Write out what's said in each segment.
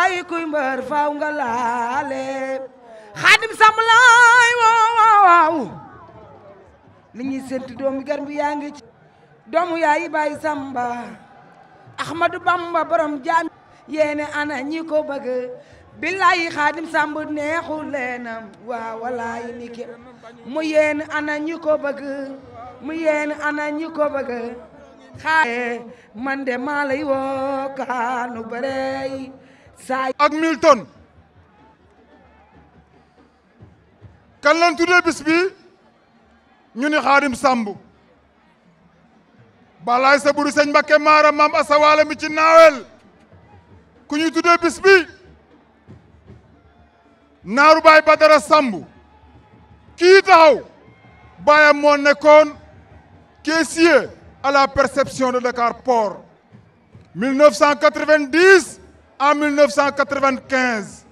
ay kuy mbër faaw nga laale xaadim sam laay waaw waaw li ñuy séntu doomu gar bi yaa ngi ci doomu yaayi baay samba ahmadu bamba borom jaam yéene ana ñi ko bëgg billaay xaadim sàmb neexu leenam waa walaay ni ki mu yéen ana ñi ko bëgg mu yéen ana ñi ko bëgg xaaye man de maa lay woo kaanu bërey saa ak 1000 tonnes kan lañ tuddee bis bi ñu ni xaadim sàmb balaay sa buri sëñ Mbakke maara maam asawaale mi ci naawel ku ñuy tuddee bi naaru baay badara sàmb kii taxaw baayam moo nekkoon caissier à la perception de Dakar Port en 1995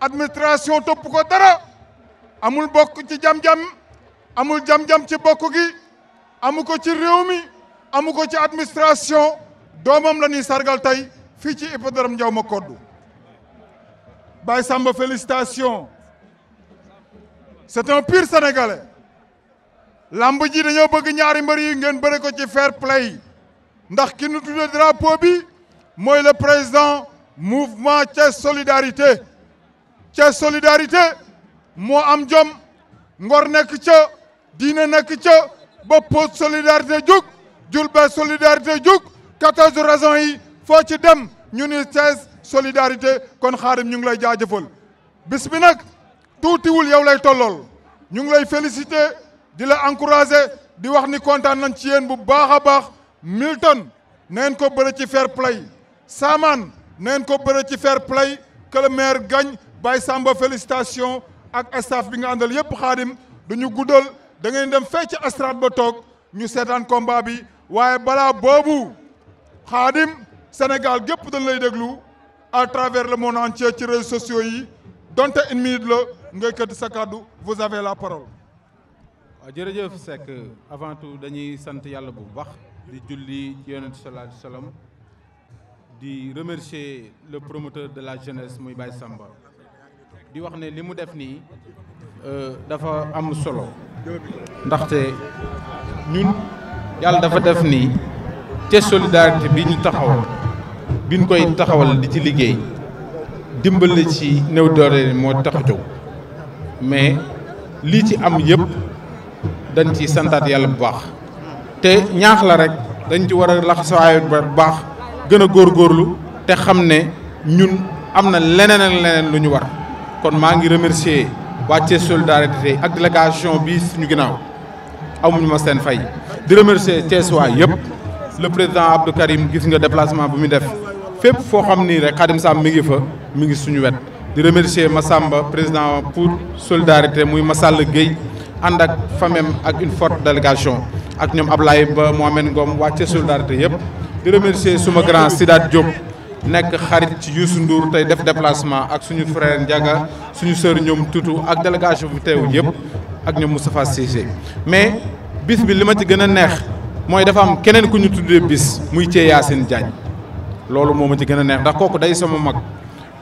administration topp ko dara amul bokk ci jam-jam amul jam-jam ci bokk gi amu ko ci réew mi amu ko ci administration doomam la ñuy sargal tey fii ci hippodrome Ndiaw ma koddu Baye Samba félicitations c'est un pur sénégalais lamb ji dañoo bëgg ñaari mbër ngeen bëre ko ci fair play ndax ki nu tudde drapeau bi mooy le président mouvement Thiès solidarité Thiès solidarité moo am jom ngor nekk ca diine nekk ca ba pot solidarité jug Diourbel solidarité jug 14 raisons yi foo ci dem ñu ni Thiès solidarité kon xaarim ñu ngi lay jaajëfal bis nag tuutiwul yow lay tollool ñu ngi lay féliciter di la encourager di wax ni kontaan nañ ci yéen bu baax a baax Milton neen ko bëre ci fair play saamaan neen ko bëre ci fair play que le maire gagne Baye Samba félicitation ak staff bi nga àndal yëpp xaadim dañu guddal dangay dem fecc ci astrade ba toog ñu seetaan combat bi waaye balaa boobu xaadim Sénégal gépp dañ lay déglu à travers le monde entier ci réseaux sociaux yi donte une la ngay këtt sa kàddu vous avez la parole. waaw ah, jërëjëf Seck avant tout dañuy sant yàlla bu baax di julli ci yonent sallallahu alayhi di remercier le promoteur de la jeunesse muy Baye Samba di wax ne li mu def nii euh, dafa am solo ndaxte ñun yàlla dafa def nii te solidarité bi ñu taxawal bi ñu koy taxawal di ci liggéey dimbali ci néew doole moo tax a mais lii ci am yëpp dañ ci santaat yàlla bu baax te ñaax la rek dañ ci war a laxasaayu bu baax gën a góorlu te xam ne ñun am na leneen ak leneen lu ñu war kon maa ngi remercier waa Thiès solidarité ak délégation bi suñu ginnaaw amuñu ma seen fay di remercier Thiès waa yëpp le président Abdou Karim gis nga déplacement bu muy def fépp foo xam nii rek Khadim saam mi ngi fa mi ngi suñu wet di ma Massamba président pour solidarité muy Massall Gueye ànd ak famem ak une forte délégation ak ñoom ab Ablaye Ba Mohamed Ngom waa Thiès solidarité yëpp di remercier suma grand Sidaat Diop nekk xarit ci Youssou Ndour tey def déplacement ak suñu frère Ndiaga suñu sœur ñoom tutu ak délégation bu teew yëpp ak ñoom Moustapha Cissé mais bis bi li ma ci gën a neex mooy dafa am keneen ku ñu tuddee bis muy cee Yacine Diagne loolu moo ma ci gën a neex ndax kooku day sama mag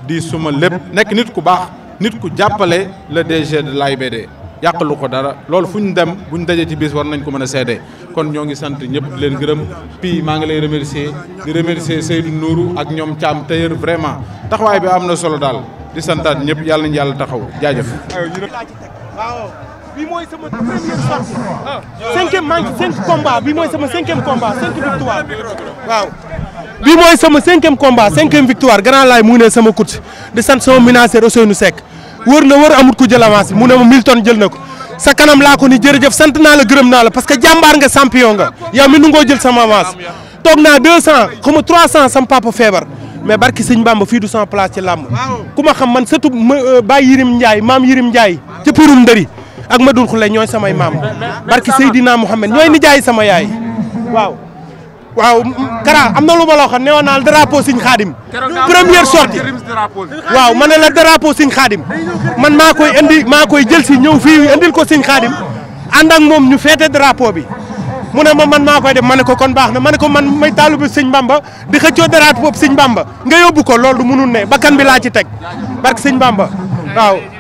di suma lépp nekk nit ku baax nit ku jàppale le DG de l'AIBD yàqalu ko dara loolu fu ñu dem bu ñu dajee ci bis war nañ ko mën a seede kon ñoo ngi sant ñëpp leen gërëm pii maa ngi lay remercier di remercier Seydou Nourou ak ñoom Thiam Tailleur vraiment taxawaay bi am na solo daal di santaat ñëpp yàlla nañu yàlla taxaw jaajëf. bi mooy sama première sortie cinquième maa ngi cinq combat bi mooy sama cinquième combat cinq victoire waaw bi mooy sama cinquième combat cinquième victoire grand laay mu ngi ne sama coach di sant sama menaceur nu Seck wër na wër amut ku jël avance bi mu ne ma 1000 tonnes jël na ko sa kanam laa ko ni jërëjëf sant naa la gërëm naa la parce que jàmbaar nga champion nga yow mi nu ngoo jël sama avance toog naa 200 xaw ma 300 sam papa feebar mais barki sëñ Bamba fii du sama place ci làmb ku ma xam man surtout euh, Baye Yirim Ndiaye maam Yirim Ndiaye ca Pirum Ndëri ak Madul Xule ñooy samay maam barki Seydina Mouhamed ñooy nijaay sama yaay waaw waaw Kara am na lu ma loo xam ne woon naa la drapeau Sëñ Xaadim première sortie waaw ma ne la drapeau Sëñ Xaadim man maa koy indi maa koy jël si ñëw fii indil ko siñ Xaadim ànd moom ñu feete drapeau bi mu ne ma man maa koy def ma ne ko kon baax na ma ne ko man may bi Sëñ Bamba di xëccoo drapeau Sëñ Bamba nga yóbbu ko lool du mënul ne bakkan bi laa ci teg barke Sëñ Bamba waaw